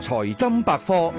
財金百科。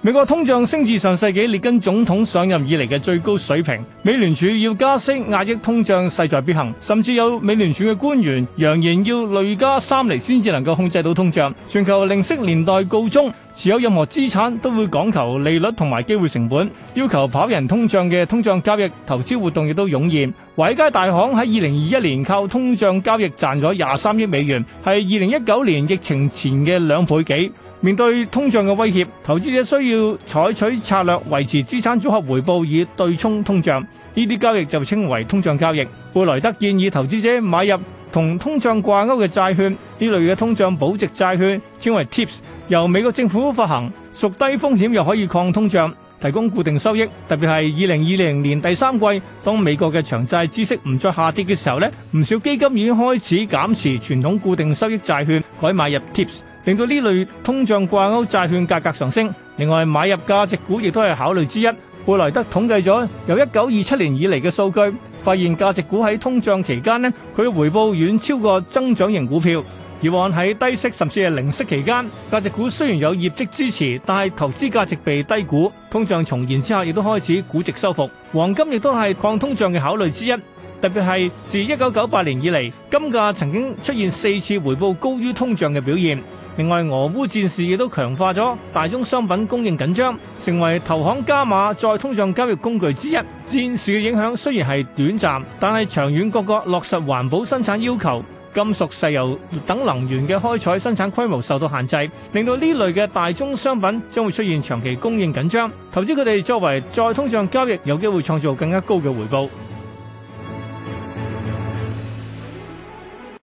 美國通脹升至上世紀列根總統上任以嚟嘅最高水平，美聯儲要加息壓抑通脹勢在必行，甚至有美聯儲嘅官員揚言要累加三厘先至能夠控制到通脹。全球零息年代告終，持有任何資產都會講求利率同埋機會成本，要求跑贏通脹嘅通脹交易投資活動亦都湧現。華爾街大行喺二零二一年靠通脹交易賺咗廿三億美元，係二零一九年疫情前嘅兩倍幾。面對通脹嘅威脅，投資者需要。要採取策略維持資產組合回報以對沖通脹，呢啲交易就稱為通脹交易。貝萊德建議投資者買入同通脹掛鈎嘅債券，呢類嘅通脹保值債券稱為 tips，由美國政府發行，屬低風險又可以抗通脹，提供固定收益。特別係二零二零年第三季，當美國嘅長債孳息唔再下跌嘅時候呢，唔少基金已經開始減持傳統固定收益債券，改買入 tips。令到呢類通脹掛鉤債券價格上升，另外買入價值股亦都係考慮之一。貝萊德統計咗由一九二七年以嚟嘅數據，發現價值股喺通脹期間咧，佢嘅回報遠超過增長型股票。以往喺低息甚至係零息期間，價值股雖然有業績支持，但係投資價值被低估。通脹重燃之下，亦都開始估值收復。黃金亦都係抗通脹嘅考慮之一。特別係自一九九八年以嚟，金價曾經出現四次回報高於通脹嘅表現。另外，俄烏戰事亦都強化咗大宗商品供應緊張，成為投行加碼再通脹交易工具之一。戰事嘅影響雖然係短暫，但係長遠各國落實環保生產要求，金屬、石油等能源嘅開採生產規模受到限制，令到呢類嘅大宗商品將會出現長期供應緊張。投資佢哋作為再通脹交易，有機會創造更加高嘅回報。